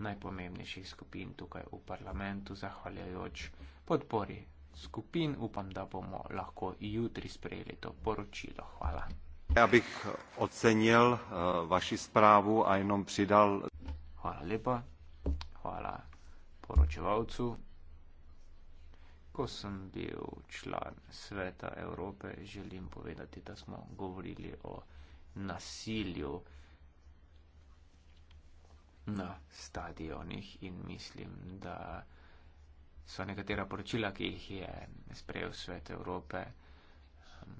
najpomembnejših skupin tukaj v parlamentu, zahvaljujoč podpori skupin. Upam, da bomo lahko jutri sprejeli to poročilo. Hvala. Ja bih eh, ocenil uh, vaši spravu, a jenom pridal. Hvala lepa. Hvala poročevalcu. Ko sem bil član sveta Evrope, želim povedati, da smo govorili o nasilju na no, stadionih in mislim, da so nekatera poročila, ki jih je sprejel svet Evrope, um,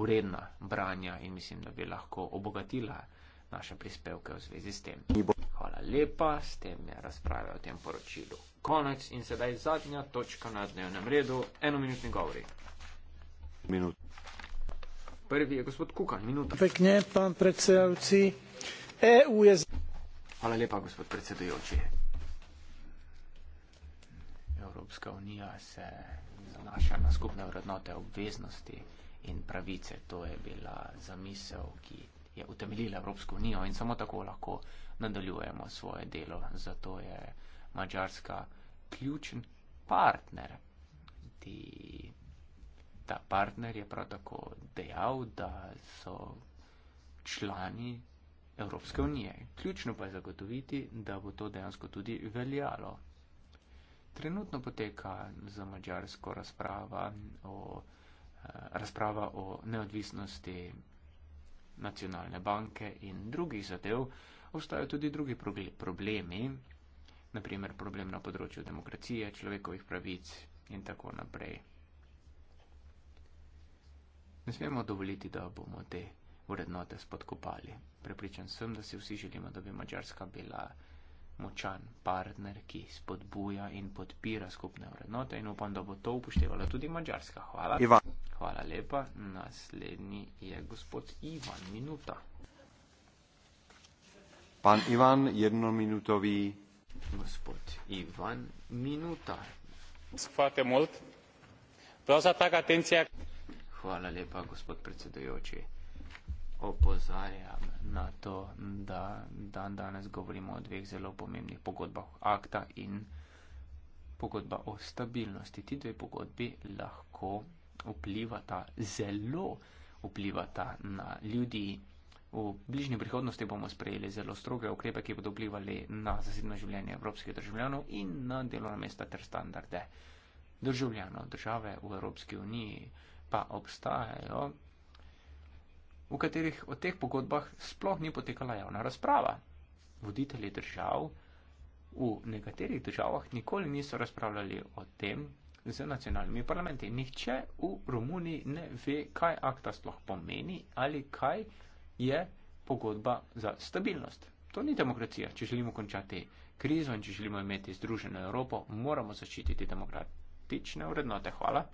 uredna branja in mislim, da bi lahko obogatila naše prispevke v zvezi s tem. Hvala lepa, s tem je razprava o tem poročilu. Konec in sedaj zadnja točka na dnevnem redu, enominutni govori. Minut. Prvi je gospod Kukan, minuta. Pekne, pan predsedavci, EU je. Hvala lepa, gospod predsedujoči. Evropska unija se zanaša na skupne vrednote obveznosti in pravice. To je bila zamisel, ki je utemeljila Evropsko unijo in samo tako lahko nadaljujemo svoje delo. Zato je Mačarska ključen partner. Di, ta partner je prav tako dejal, da so člani Evropske unije. Ključno pa je zagotoviti, da bo to dejansko tudi veljalo. Trenutno poteka za Mačarsko razprava, eh, razprava o neodvisnosti nacionalne banke in drugih zadev. Obstajajo tudi drugi problemi, naprimer problem na področju demokracije, človekovih pravic in tako naprej. Ne smemo dovoliti, da bomo te vrednote spodkopali. Prepričan sem, da si vsi želimo, da bi Mačarska bila močan partner, ki spodbuja in podpira skupne vrednote in upam, da bo to upoštevala tudi Mačarska. Hvala. Ivan. Hvala lepa. Naslednji je gospod Ivan. Minuta. Pan Ivan, jedno minutovi. Gospod Ivan, minuta. Hvala lepa, gospod predsedujoči opozarja na to, da dan danes govorimo o dveh zelo pomembnih pogodbah akta in pogodba o stabilnosti. Ti dve pogodbi lahko vplivata, zelo vplivata na ljudi. V bližnji prihodnosti bomo sprejeli zelo stroge ukrepe, ki bodo vplivali na zasedno življenje evropskih državljanov in na delovna mesta ter standarde državljanov. Države v Evropski uniji pa obstajajo v katerih o teh pogodbah sploh ni potekala javna razprava. Voditelji držav v nekaterih državah nikoli niso razpravljali o tem z nacionalnimi parlamenti. Nihče v Romuniji ne ve, kaj akta sploh pomeni ali kaj je pogodba za stabilnost. To ni demokracija. Če želimo končati krizo in če želimo imeti združeno Evropo, moramo zaščititi demokratične vrednote. Hvala.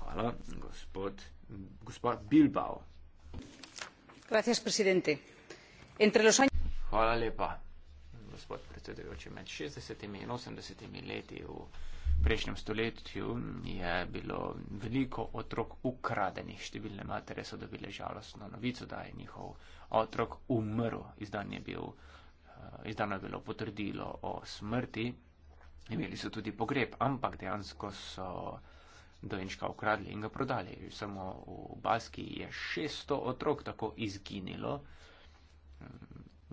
Hvala, gospod. Hvala lepa, gospod predsedujoči. Med 60 in 80 leti v prejšnjem stoletju je bilo veliko otrok ukradenih. Številne matere so dobile žalostno novico, da je njihov otrok umrl. Izdan je bil, eh, izdano je bilo potrdilo o smrti. Imeli so tudi pogreb, ampak dejansko so dojenčka ukradli in ga prodali. Samo v Baski je 600 otrok tako izginilo,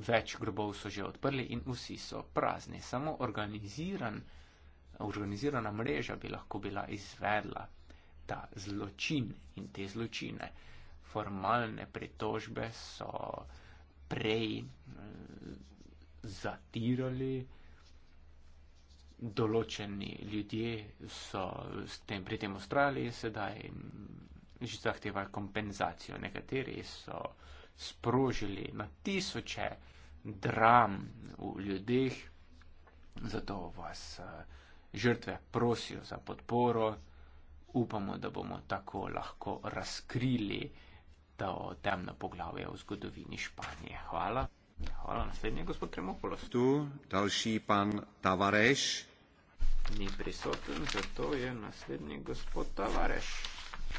več grobov so že odprli in vsi so prazni. Samo organiziran, organizirana mreža bi lahko bila izvedla ta zločin in te zločine. Formalne pritožbe so prej eh, zatirali določeni ljudje so s tem pri tem ustrali in sedaj že zahtevajo kompenzacijo. Nekateri so sprožili na tisoče dram v ljudeh, zato vas eh, žrtve prosijo za podporo. Upamo, da bomo tako lahko razkrili to temno poglavje v zgodovini Španije. Hvala. Hvala, naslednji gospod Tremopolos. Tu, daljši pan Tavareš ni prisoten, zato je naslednji gospod Tavares,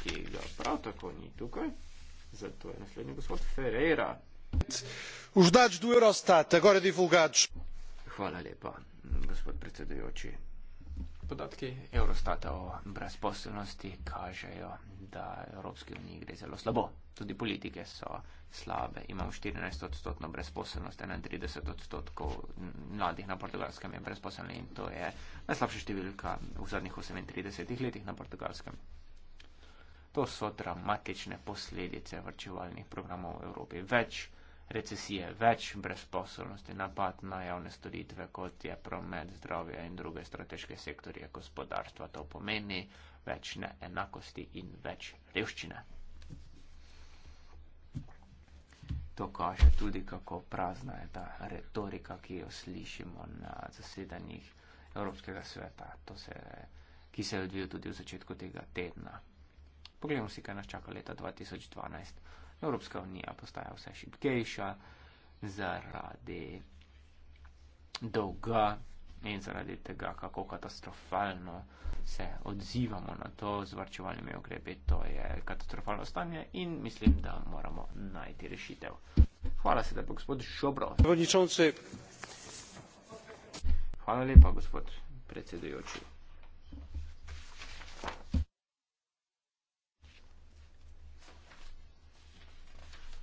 ki ga prav tako ni tukaj, zato je naslednji gospod Ferreira. Hvala lepa, gospod predsedujoči. Podatki Eurostata o brezposelnosti kažejo, da Evropski uniji gre zelo slabo. Tudi politike so slabe. Imamo 14 odstotkov brezposelnosti, 31 odstotkov mladih na portugalskem je brezposelni in to je najslabša številka v zadnjih 38 letih na portugalskem. To so dramatične posledice vrčevalnih programov v Evropi. Več recesije, več brezposobnosti, napad na javne storitve, kot je promet, zdravje in druge strateške sektorje gospodarstva. To pomeni več neenakosti in več revščine. To kaže tudi, kako prazna je ta retorika, ki jo slišimo na zasedanjih Evropskega sveta, se, ki se je odvijal tudi v začetku tega tedna. Poglejmo si, kaj nas čaka leta 2012. Evropska unija postaja vse šibkejša zaradi dolga in zaradi tega, kako katastrofalno se odzivamo na to z varčevalnimi ukrepi. To je katastrofalno stanje in mislim, da moramo najti rešitev. Hvala se, da je gospod Šobro. Hvala lepa, gospod predsedujoči.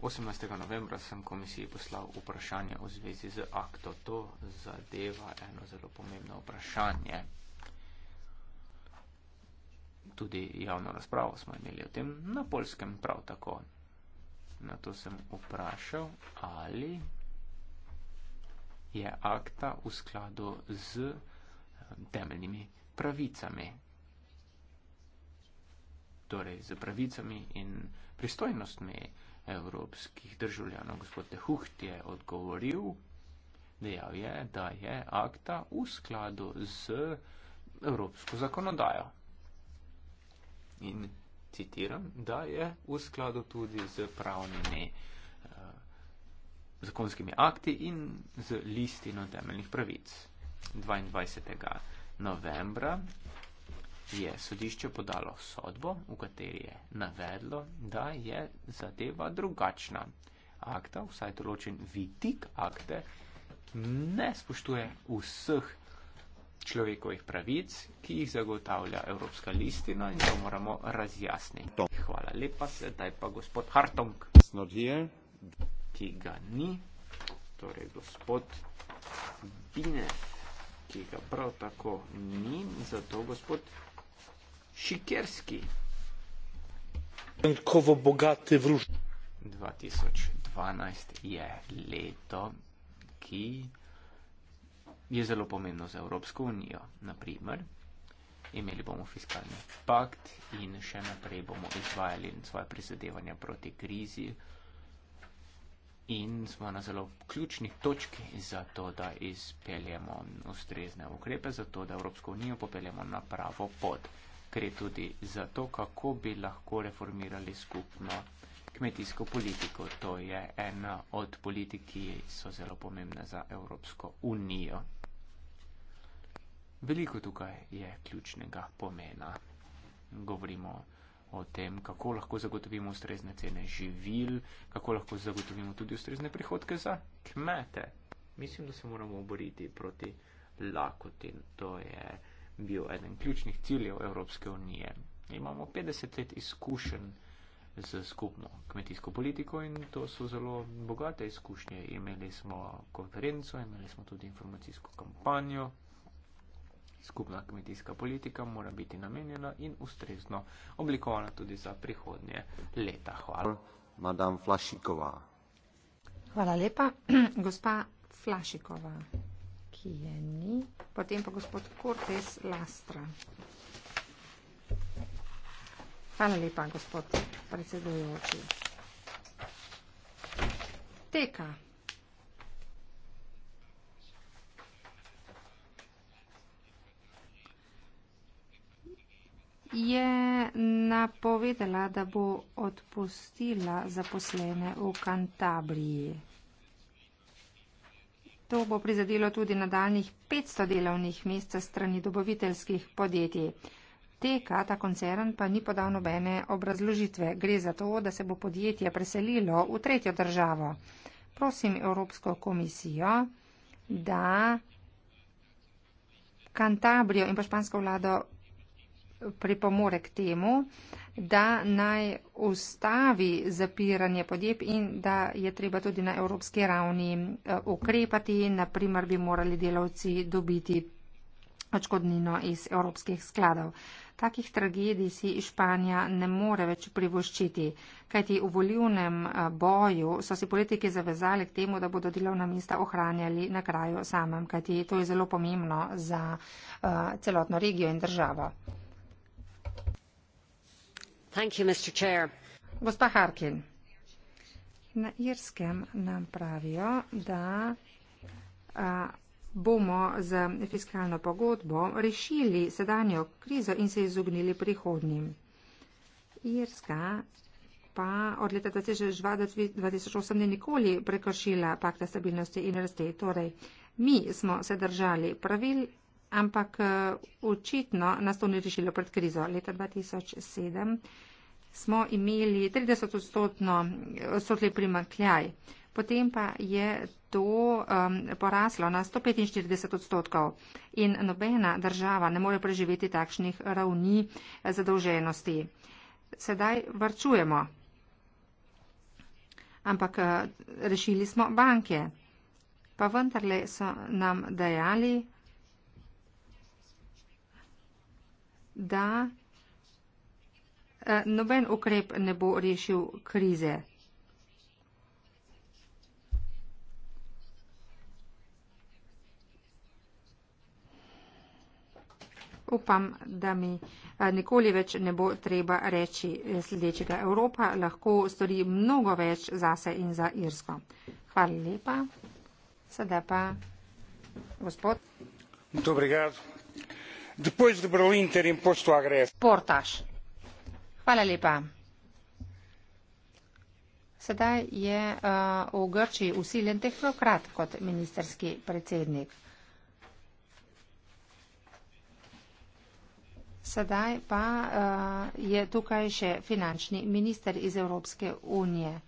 18. novembra sem komisiji poslal vprašanje v zvezi z akto. To zadeva eno zelo pomembno vprašanje. Tudi javno razpravo smo imeli o tem na polskem prav tako. Na to sem vprašal, ali je akta v skladu z eh, temeljnimi pravicami. Torej, z pravicami in pristojnostmi evropskih državljanov. Gospod Tehuht je odgovoril, dejal je, da je akta v skladu z evropsko zakonodajo. In citiram, da je v skladu tudi z pravnimi eh, zakonskimi akti in z listino temeljnih pravic. 22. novembra je sodišče podalo sodbo, v kateri je navedlo, da je zadeva drugačna. Akta, vsaj določen vidik akte, ne spoštuje vseh človekovih pravic, ki jih zagotavlja Evropska listina in to moramo razjasniti. Hvala lepa, sedaj pa gospod Hartong, ki ga ni, torej gospod Bine, ki ga prav tako ni, zato gospod Sikerski. Rynkowo bogaty w różne. 2012 je leto, ki je zelo pomembno za Evropsko unijo. Naprimer, imeli bomo fiskalni pakt in še naprej bomo izvajali svoje prizadevanja proti krizi in smo na zelo ključni točki za to, da izpeljemo ustrezne ukrepe, za to, da Evropsko unijo popeljemo na pravo pot gre tudi za to, kako bi lahko reformirali skupno kmetijsko politiko. To je ena od politik, ki so zelo pomembne za Evropsko unijo. Veliko tukaj je ključnega pomena. Govorimo o tem, kako lahko zagotovimo ustrezne cene živil, kako lahko zagotovimo tudi ustrezne prihodke za kmete. Mislim, da se moramo boriti proti lakoti. To je bil eden ključnih ciljev Evropske unije. Imamo 50 let izkušenj z skupno kmetijsko politiko in to so zelo bogate izkušnje. Imeli smo konferenco, imeli smo tudi informacijsko kampanjo. Skupna kmetijska politika mora biti namenjena in ustrezno oblikovana tudi za prihodnje leta. Hvala. Madam Flašikova. Hvala lepa, gospa Flašikova ki je ni. Potem pa gospod Kortes Lastra. Hvala lepa, gospod predsedujoči. Teka. Je napovedala, da bo odpustila zaposlene v Kantabriji. To bo prizadelo tudi nadaljnih 500 delovnih mest strani dobaviteljskih podjetij. TK, ta koncern, pa ni podal nobene obrazložitve. Gre za to, da se bo podjetje preselilo v tretjo državo. Prosim Evropsko komisijo, da Kantabrijo in pa špansko vlado pripomore k temu, da naj ustavi zapiranje podjeb in da je treba tudi na evropski ravni eh, ukrepati. Naprimer bi morali delavci dobiti očkodnino iz evropskih skladov. Takih tragedij si Španija ne more več privoščiti, kajti v volivnem eh, boju so si politiki zavezali k temu, da bodo delovna mesta ohranjali na kraju samem, kajti to je zelo pomembno za uh, celotno regijo in državo mr president na irskem nam pravijo da a, bomo z fiskalno pogodbo rešili sedanjo krizo in se izognili prihodnjim. Irska pa od leta 2008 ni nikoli prekršila pakta stabilnosti in rasti. Torej, mi smo se držali pravil ampak eh, očitno nas to ni rešilo pred krizo. Leta 2007 smo imeli 30 odstotno odstotni primankljaj, potem pa je to um, poraslo na 145 odstotkov in nobena država ne more preživeti takšnih ravni eh, zadolženosti. Sedaj varčujemo, ampak eh, rešili smo banke. Pa vendarle so nam dejali, da eh, noben ukrep ne bo rešil krize. Upam, da mi eh, nikoli več ne bo treba reči eh, sledečega. Evropa lahko stori mnogo več za se in za Irsko. Hvala lepa. Sedaj pa gospod. Dobrigado depois de berlim ter imposto a greve portas hvala lepa sedaj je uh, v grčiji usilen tehnokrat kot ministerski predsednik sedaj pa uh, je tukaj še finančni minister iz evropske unije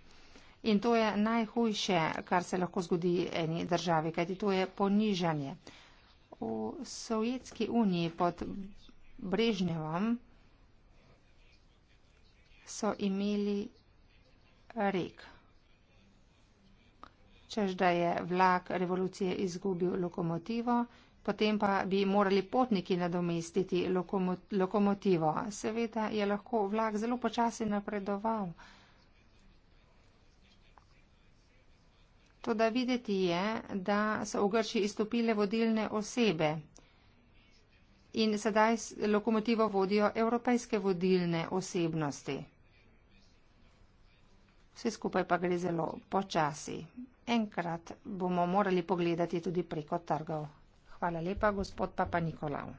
In to je najhujše, kar se lahko zgodi eni državi, kajti to je ponižanje v Sovjetski uniji pod Brežnevom so imeli rek. Češ, da je vlak revolucije izgubil lokomotivo, potem pa bi morali potniki nadomestiti lokomotivo. Seveda je lahko vlak zelo počasi napredoval. Toda videti je, da so v Grči izstopile vodilne osebe in sedaj lokomotivo vodijo evropejske vodilne osebnosti. Vse skupaj pa gre zelo počasi. Enkrat bomo morali pogledati tudi preko trgov. Hvala lepa, gospod Papa Nikolav.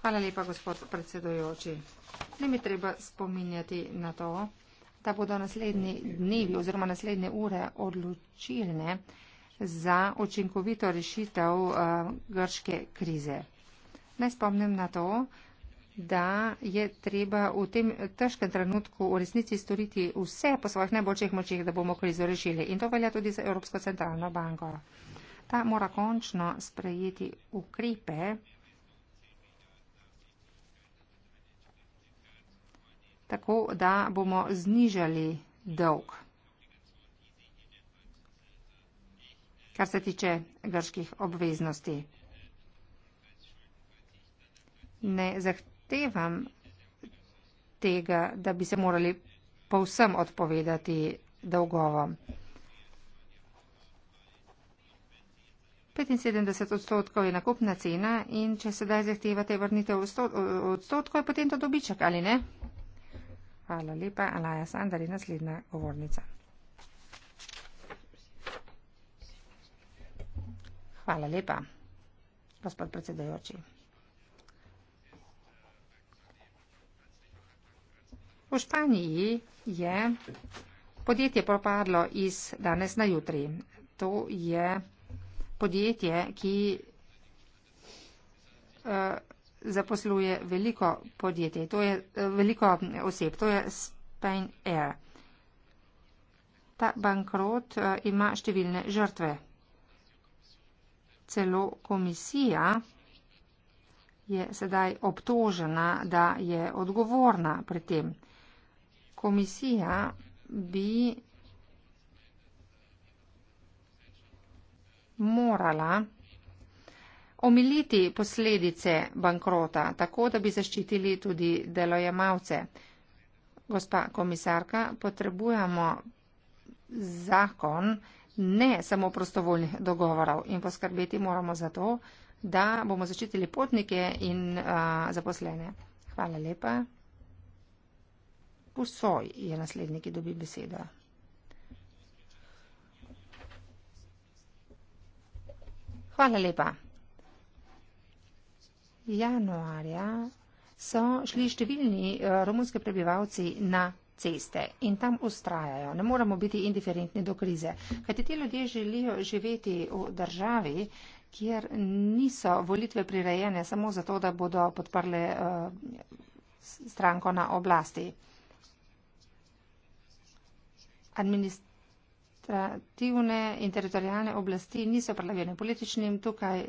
Hvala lepa, gospod predsedojoči. Ni mi treba spominjati na to da bodo naslednji dnevi oziroma naslednje ure odločilne za učinkovito rešitev eh, grške krize. Naj spomnim na to, da je treba v tem težkem trenutku v resnici storiti vse po svojih najboljših močeh, da bomo krizo rešili. In to velja tudi za Evropsko centralno banko. Ta mora končno sprejeti ukrepe. tako da bomo znižali dolg. Kar se tiče grških obveznosti. Ne zahtevam tega, da bi se morali povsem odpovedati dolgovom. 75 odstotkov je nakupna cena in če sedaj zahtevate vrnitev odstotkov, je potem to dobiček ali ne? Hvala lepa. Alaja Sandar je naslednja govornica. Hvala lepa, gospod predsedajoči. V Španiji je podjetje propadlo iz danes na jutri. To je podjetje, ki. Uh, zaposluje veliko podjetij, to je eh, veliko eh, oseb, to je Spain Air. Ta bankrot eh, ima številne žrtve. Celo komisija je sedaj obtožena, da je odgovorna pri tem. Komisija bi morala omiliti posledice bankrota, tako da bi zaščitili tudi delojemalce. Gospa komisarka, potrebujemo zakon, ne samo prostovoljnih dogovorov in poskrbeti moramo za to, da bomo zaščitili potnike in a, zaposlene. Hvala lepa. Pusoj je naslednik, ki dobi besedo. Hvala lepa januarja so šli številni eh, romunske prebivalci na ceste in tam ustrajajo. Ne moramo biti indiferentni do krize, kajti ti ljudje želijo živeti v državi, kjer niso volitve prirejene samo zato, da bodo podprli uh, eh, stranko na oblasti. Administrativne in teritorijalne oblasti niso prilagojene političnim tukaj.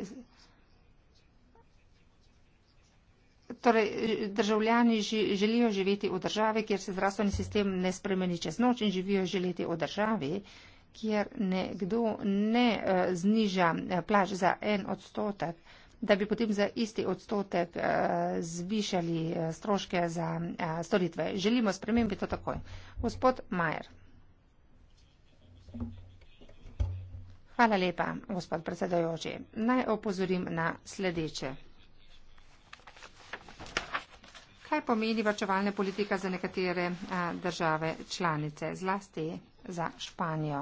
torej, državljani ži, želijo živeti v državi, kjer se zdravstveni sistem ne spremeni čez noč in živijo želeti v državi, kjer nekdo ne uh, zniža eh, plač za en odstotek, da bi potem za isti odstotek uh, zvišali stroške za uh, storitve. Želimo spremembi to takoj. Gospod Majer. Hvala lepa, gospod predsedajoči. Naj opozorim na sledeče kaj pomeni varčevalna politika za nekatere eh, države članice, zlasti za Španijo.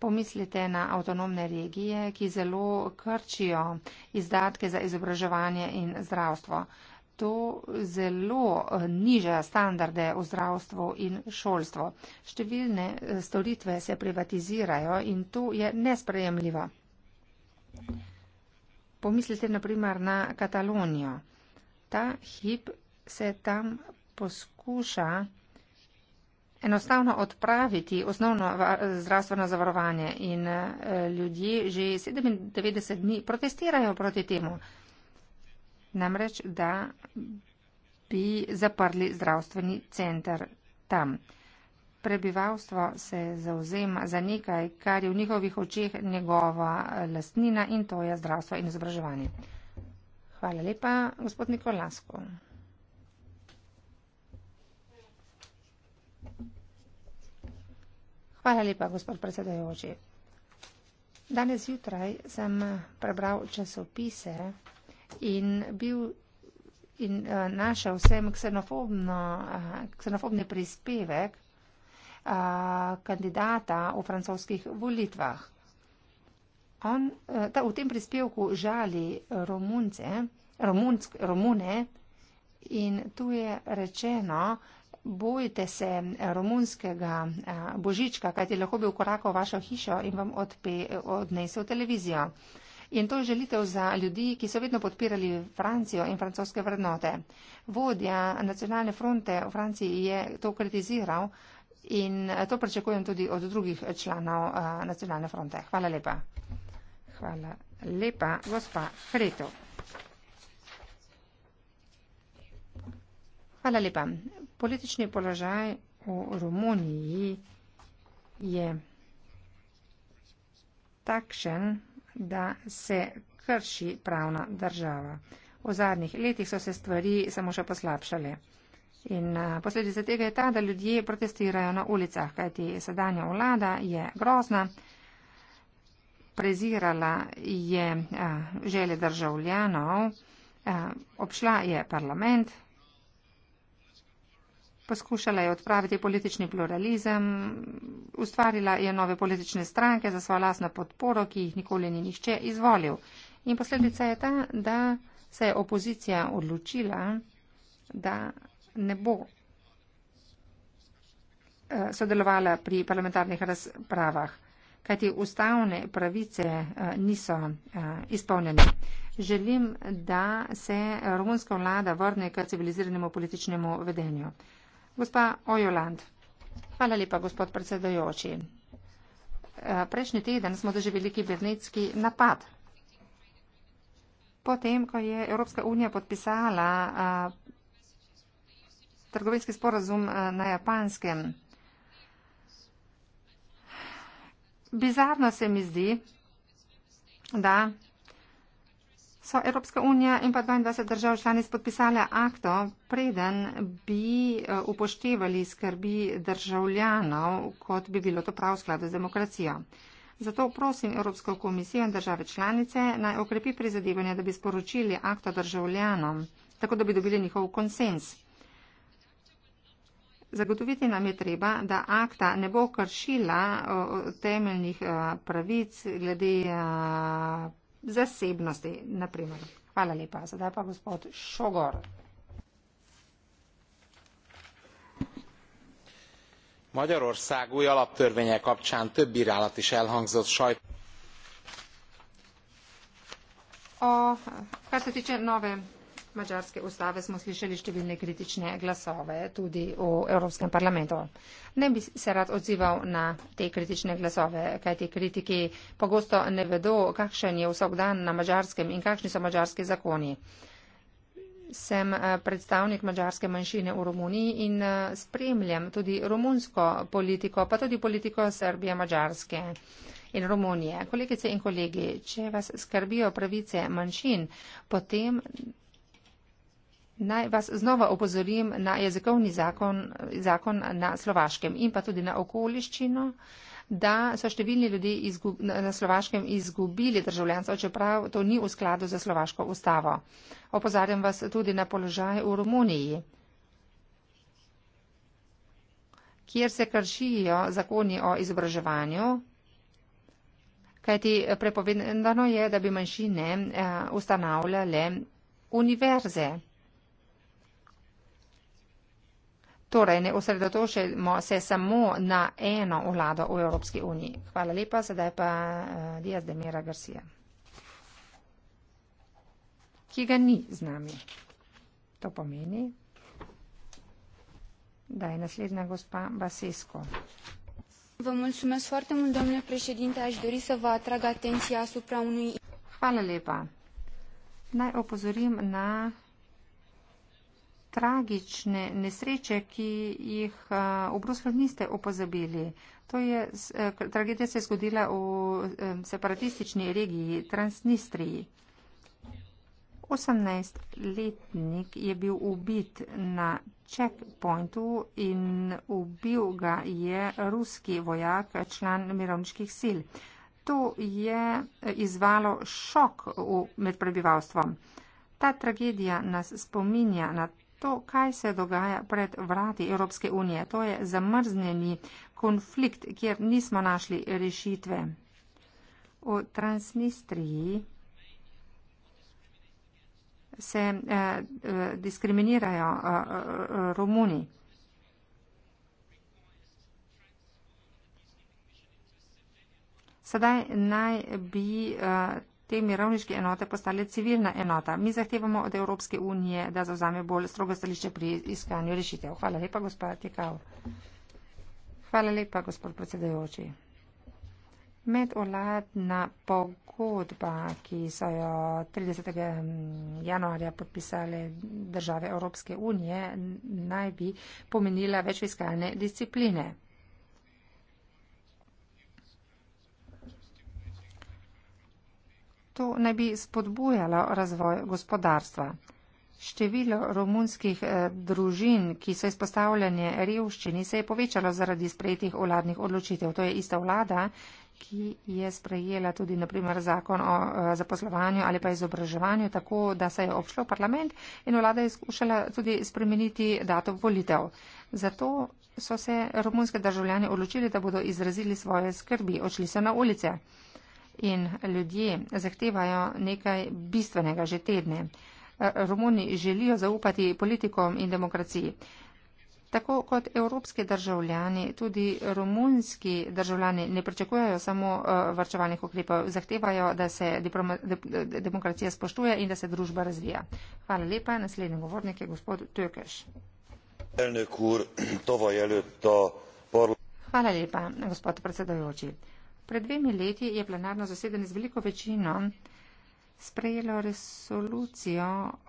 Pomislite na avtonomne regije, ki zelo krčijo izdatke za izobraževanje in zdravstvo. To zelo eh, niža standarde v zdravstvu in šolstvu. Številne eh, storitve se privatizirajo in to je nesprejemljivo. Pomislite naprimer na Katalonijo. Ta hip se tam poskuša enostavno odpraviti osnovno zdravstveno zavarovanje in eh, ljudje že 97 dni protestirajo proti temu. Namreč, da bi zaprli zdravstveni center tam. Prebivalstvo se zauzema za nekaj, kar je v njihovih očeh njegova eh, lastnina in to je zdravstvo in izobraževanje. Hvala lepa, gospod Nikolasko. Hvala lepa, gospod predsedajoči. Danes jutraj sem prebral časopise in bil in eh, našel sem eh, ksenofobni prispevek eh, kandidata v francoskih volitvah. On ta v tem prispevku žali Romunce, Romunc, Romune in tu je rečeno, bojite se eh, romunskega eh, božička, kajti lahko bi ukorakal vašo hišo in vam odpe, odnesel televizijo. In to je želitev za ljudi, ki so vedno podpirali Francijo in francoske vrednote. Vodja nacionalne fronte v Franciji je to kritiziral in eh, to pričakujem tudi od drugih članov nacionalne fronte. Hvala lepa. Hvala lepa, gospa Hretov. Hvala lepa. Politični položaj v Romuniji je takšen, da se krši pravna država. V zadnjih letih so se stvari samo še poslabšale. In posledica tega je ta, da ljudje protestirajo na ulicah, kajti sedanja vlada je grozna, prezirala je želje državljanov, obšla je parlament, Poskušala je odpraviti politični pluralizem, ustvarila je nove politične stranke za svojo lasno podporo, ki jih nikoli ni nihče izvolil. In posledica je ta, da se je opozicija odločila, da ne bo eh, sodelovala pri parlamentarnih razpravah, kajti ustavne pravice eh, niso eh, izpolnjene. Želim, da se romunska vlada vrne k civiliziranemu političnemu vedenju. Gospa Ojoland. Hvala lepa, gospod predsedojoči. Eh, prejšnji teden smo doživeli kibernetski napad. Potem, ko je Evropska unija podpisala eh, trgovinski sporazum eh, na japanskem, bizarno se mi zdi, da so Evropska unija in pa 22 držav članic podpisale akto, preden bi eh, upoštevali skrbi državljanov, kot bi bilo to prav v skladu z demokracijo. Zato prosim Evropsko komisijo in države članice naj okrepi prizadevanje, da bi sporočili akto državljanom, tako da bi dobili njihov konsens. Zagotoviti nam je treba, da akta ne bo kršila eh, temeljnih eh, pravic glede zasebnosti, naprimer. Hvala lepa. Sedaj pa gospod Šogor. Magyarország új alaptörvénye kapcsán több bírálat is elhangzott sajt. A, kár se tiče nove mađarske ustave smo slišali številne kritične glasove tudi v Evropskem parlamentu. Ne bi se rad odzival na te kritične glasove, kaj ti kritiki pogosto ne vedo, kakšen je vsak dan na mađarskem in kakšni so mađarski zakoni. Sem eh, predstavnik mađarske manjšine v Romuniji in eh, spremljam tudi romunsko politiko, pa tudi politiko Srbije, Mađarske in Romunije. Kolegice in kolegi, če vas skrbijo pravice manjšin, potem Naj vas znova opozorim na jezikovni zakon, zakon na slovaškem in pa tudi na okoliščino, da so številni ljudje izgub, na slovaškem izgubili državljanstvo, čeprav to ni v skladu za slovaško ustavo. Opozarjam vas tudi na položaj v Romuniji, kjer se kršijo zakoni o izobraževanju. Kajti prepovedano je, da bi manjšine eh, ustanavljale univerze. Torej, ne osredotočimo se samo na eno vlado v Evropski uniji. Hvala lepa, sedaj pa uh, Diaz de Mera Garcia, ki ga ni z nami. To pomeni, da je naslednja gospa Basesko. Hvala lepa. Naj opozorim na tragične nesreče, ki jih eh, v Bruslju niste opozabili. To je, eh, tragedija se je zgodila v eh, separatistični regiji Transnistriji. 18-letnik je bil ubit na checkpointu in ubil ga je ruski vojak, član mirovniških sil. To je izvalo šok v, med prebivalstvom. Ta tragedija nas spominja na To, kaj se dogaja pred vrati Evropske unije, to je zamrznjeni konflikt, kjer nismo našli rešitve. V Transnistriji se eh, eh diskriminirajo eh, eh, Romuni. Sedaj naj bi eh, te mirovniške enote postale civilna enota. Mi zahtevamo od Evropske unije, da zauzame bolj strogo stališče pri iskanju rešitev. Hvala lepa, gospod Tekal. Hvala lepa, gospod predsedajoči. Medoladna pogodba, ki so jo 30. Mm, januarja podpisale države Evropske unije, naj bi pomenila več fiskalne discipline. To naj bi spodbujalo razvoj gospodarstva. Število romunskih eh, družin, ki so izpostavljene revščini, se je povečalo zaradi sprejetih vladnih odločitev. To je ista vlada, ki je sprejela tudi, naprimer, zakon o eh, zaposlovanju ali pa izobraževanju, tako da se je obšlo parlament in vlada je skušala tudi spremeniti datum volitev. Zato so se romunske državljane odločili, da bodo izrazili svoje skrbi, odšli so na ulice in ljudje zahtevajo nekaj bistvenega že tedne. Eh, Romuni želijo zaupati politikom in demokraciji. Tako kot evropski državljani, tudi romunski državljani ne pričakujejo samo eh, vrčevalnih ukrepov, zahtevajo, da se demokracija spoštuje in da se družba razvija. Hvala lepa. Naslednji govornik je gospod Tökeš. Hvala lepa, gospod predsedajoči. Pred dvemi leti je plenarno zasedanje z veliko večino sprejelo resolucijo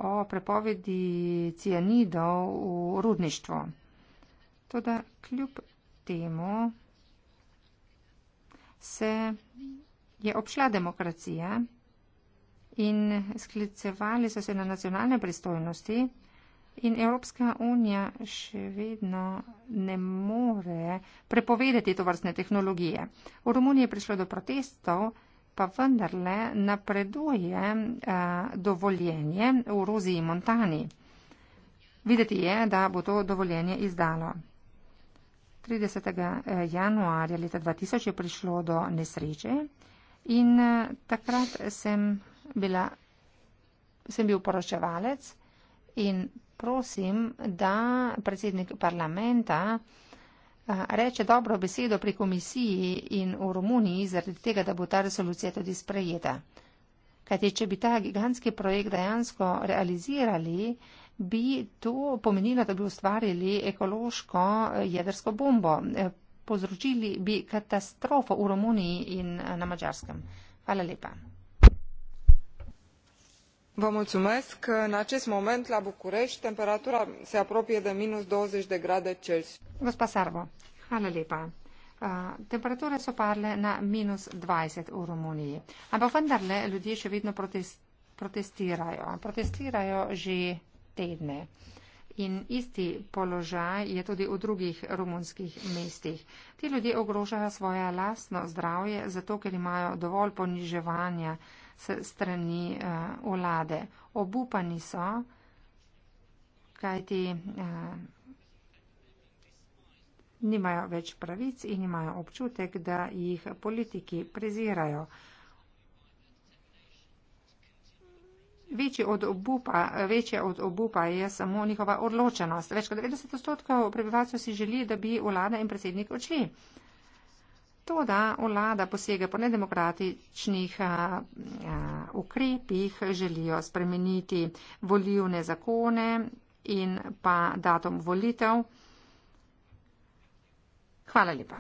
o prepovedi cianidov v rudništvo. Toda kljub temu se je obšla demokracija in sklicevali so se na nacionalne pristojnosti. In Evropska unija še vedno ne more prepovedati to vrstne tehnologije. V Romuniji je prišlo do protestov, pa vendarle napreduje a, eh, dovoljenje v Roziji Montani. Videti je, da bo to dovoljenje izdalo. 30. Eh, januarja leta 2000 je prišlo do nesreče in a, eh, takrat sem, bila, sem bil poročevalec. In prosim, da predsednik parlamenta eh, reče dobro besedo pri komisiji in v Romuniji, zaradi tega, da bo ta resolucija tudi sprejeta. Kajti, če bi ta gigantski projekt dejansko realizirali, bi to pomenilo, da bi ustvarili ekološko eh, jedrsko bombo. Eh, Pozročili bi katastrofo v Romuniji in na Mačarskem. Hvala lepa în acest moment la bucureti temperatura se apropie de douăzeci de grade celsius. Temperatura so parle na minus 20 v Romuniji. Ampak vendarle ljudje še vedno protestirajo. Protestirajo že tedne. In isti položaj je tudi v drugih romunskih mestih. Ti ljudje ogrožajo svoje lastno zdravje, zato ker imajo dovolj poniževanja, strani eh, vlade. Obupani so, kajti eh, nimajo več pravic in imajo občutek, da jih politiki prezirajo. Od obupa, večje od obupa je samo njihova odločenost. Več kot 90 odstotkov prebivalcev si želi, da bi vlada in predsednik odšli. To, da vlada posega po nedemokratičnih a, a, ukrepih, želijo spremeniti volivne zakone in pa datum volitev. Hvala lepa.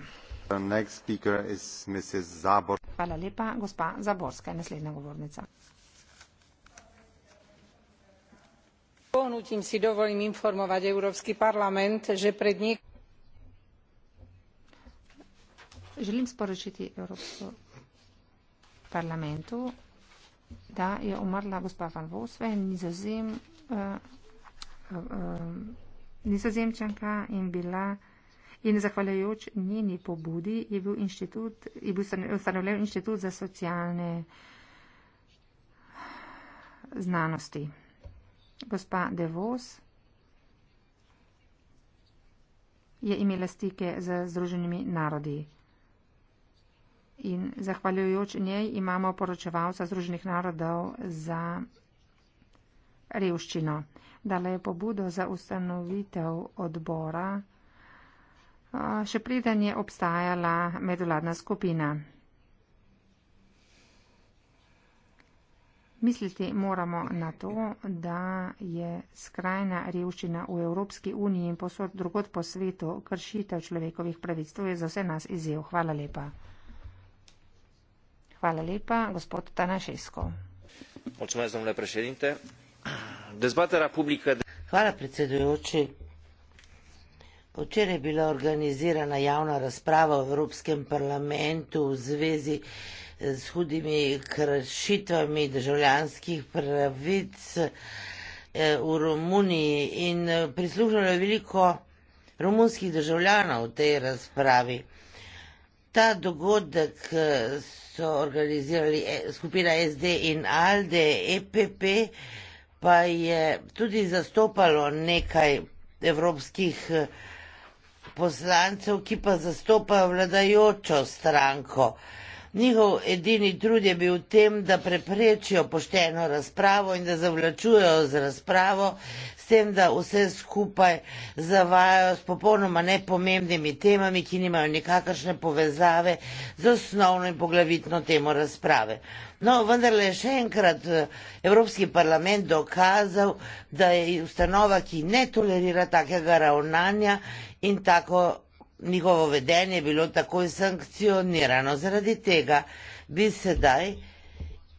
Hvala lepa, gospa Zaborska je naslednja govornica. Ponudim si dovolim informovati Evropski parlament, že pred nekaj želim sporočiti Evropsko parlamentu, da je umrla gospa Van Vosve, nizozem, uh, uh, nizozemčanka in bila in zahvaljujoč njeni pobudi je bil inštitut, je bil ustanovljen inštitut za socialne znanosti. Gospa Devos je imela stike z Združenimi narodi in zahvaljujoč njej imamo poročevalca Združenih narodov za revščino. Dala je pobudo za ustanovitev odbora, še preden je obstajala medvladna skupina. Misliti moramo na to, da je skrajna revščina v Evropski uniji in posod drugot po svetu kršitev človekovih pravic. To je za vse nas izjev. Hvala lepa. Hvala lepa. Gospod Tanašesko. Mulțumesc, domnule președinte. Dezbaterea publică... De... Hvala, predsedujoči. Včeraj je bila organizirana javna razprava v Evropskem parlamentu v zvezi eh, s hudimi kršitvami državljanskih pravic eh, v Romuniji in eh, prislužilo je veliko romunskih državljanov v tej razpravi. Ta dogodek so organizirali eh, skupina SD in ALDE, EPP, pa je tudi zastopalo nekaj evropskih eh, poslancev, ki pa zastopajo vladajočo stranko. Uh, Njihov edini trud je bil v tem, da preprečijo pošteno razpravo in da zavlačujejo z razpravo, s tem, da vse skupaj zavajajo s popolnoma nepomembnimi temami, ki nimajo nikakršne povezave z osnovno in poglavitno temo razprave. No, vendarle je še enkrat eh, Evropski parlament dokazal, da je ustanova, ki ne tolerira takega ravnanja in tako njihovo vedenje bilo takoj sankcionirano. Zaradi tega bi sedaj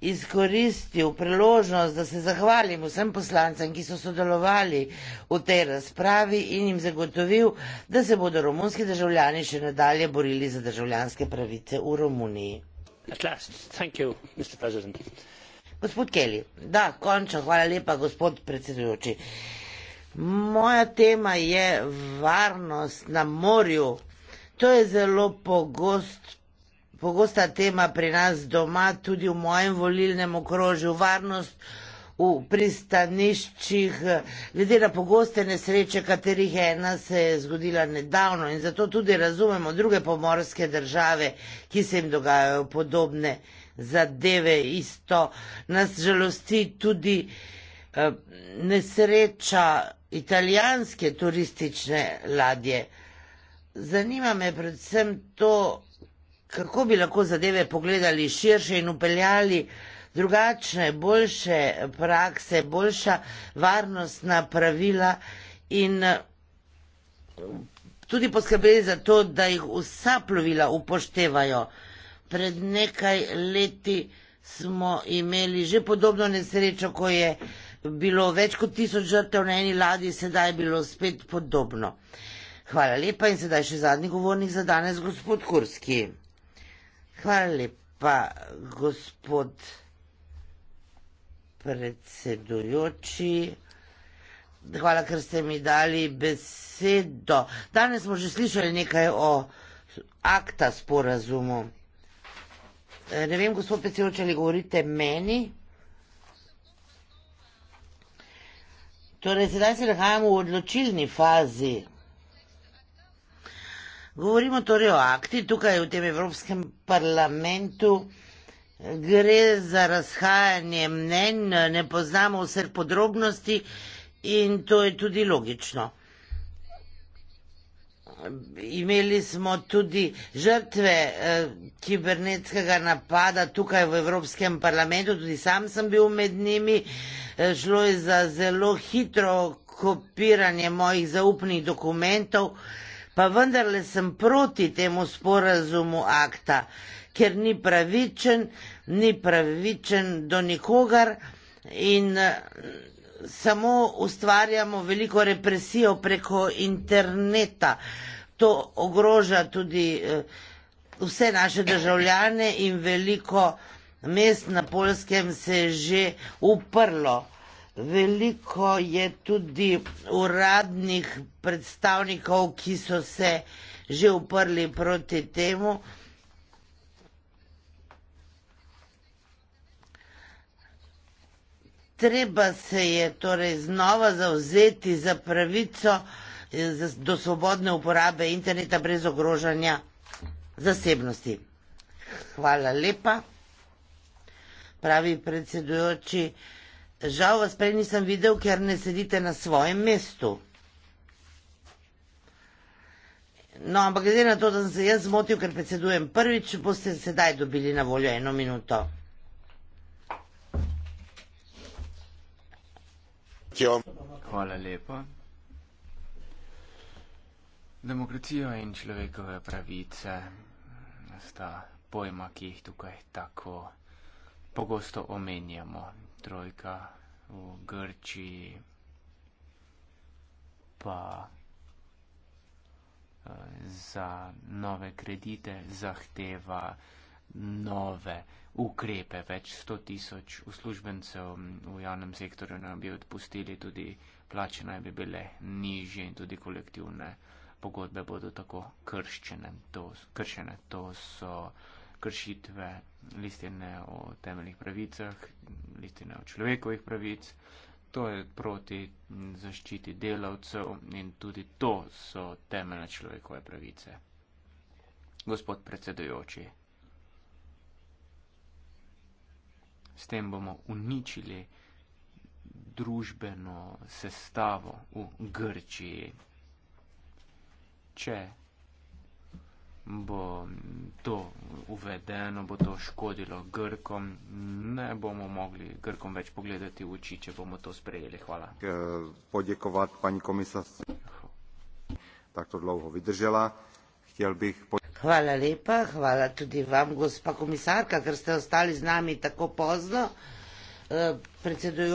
izkoristil priložnost, da se zahvalim vsem poslancem, ki so sodelovali v tej razpravi in jim zagotovil, da se bodo romunski državljani še nadalje borili za državljanske pravice v Romuniji. Gospod Kelly, da, končno, hvala lepa, gospod predsedujoči. Uh, Moja tema je varnost na morju. To je zelo pogost, pogosta tema pri nas doma, tudi v mojem volilnem okrožju. Varnost v pristaniščih, glede na pogoste nesreče, katerih ena se je zgodila nedavno in zato tudi razumemo druge pomorske države, ki se jim dogajajo podobne zadeve. Isto nas žalosti tudi eh, nesreča, italijanske turistične ladje. Zanima me predvsem to, kako bi lahko zadeve pogledali širše in upeljali drugačne, boljše prakse, boljša varnostna pravila in tudi poskrbeli za to, da jih vsa plovila upoštevajo. Pred nekaj leti smo imeli že podobno nesrečo, ko je uh, bilo več kot tisoč žrtev na eni ladji, sedaj je bilo spet podobno. Hvala lepa in sedaj še zadnji govornik za danes, gospod Kurski. Hvala lepa, gospod predsedujoči. Hvala, ker ste mi dali besedo. Danes smo že slišali nekaj o akta sporazumu. Ne vem, gospod predsedujoči, ali govorite meni? Torej, sedaj se nahajamo v odločilni fazi. Govorimo torej o akti, tukaj v tem Evropskem parlamentu gre za razhajanje mnen, ne poznamo vseh podrobnosti in to je tudi logično imeli smo tudi žrtve eh, kibernetskega napada tukaj v Evropskem parlamentu, tudi sam sem bil med njimi. Eh, šlo je za zelo hitro kopiranje mojih zaupnih dokumentov, pa vendarle sem proti temu sporazumu akta, ker ni pravičen, ni pravičen do nikogar in. Eh, samo ustvarjamo veliko represijo preko interneta. To ogroža tudi eh, vse naše državljane in veliko mest na Polskem se je že uprlo. Veliko je tudi uradnih predstavnikov, ki so se že uprli proti temu. treba se je torej znova zauzeti za pravico eh, do svobodne uporabe interneta brez ogrožanja zasebnosti. Hvala lepa, pravi predsedujoči. Žal vas prej nisem videl, ker ne sedite na svojem mestu. No, ampak glede na to, da sem se jaz zmotil, ker predsedujem prvič, boste sedaj dobili na voljo eno minuto. demokracijo. Hvala lepa. Demokracijo in človekove pravice sta pojma, ki jih tukaj tako pogosto omenjamo. Trojka v Grčiji, pa eh, za nove kredite zahteva nove ukrepe. Več sto tisoč uslužbencev v javnem sektorju naj bi odpustili, tudi plače naj bi bile nižje in tudi kolektivne pogodbe bodo tako krščene. To, kršene. to so kršitve listine o temeljnih pravicah, listine o človekovih pravic. To je proti zaščiti delavcev in tudi to so temeljne človekove pravice. Gospod predsedujoči, s tem bomo uničili družbeno sestavo v Grčiji. Če bo to uvedeno, bo to škodilo Grkom, ne bomo mogli Grkom več pogledati v oči, če bomo to sprejeli. Hvala. Podjekovati pani komisar, tako dolgo vydržela. Chtěl bych pod... Hvala lepa, hvala tudi vam, gospa komisarka, ker ste ostali z nami tako pozno. Eh, Predsedujo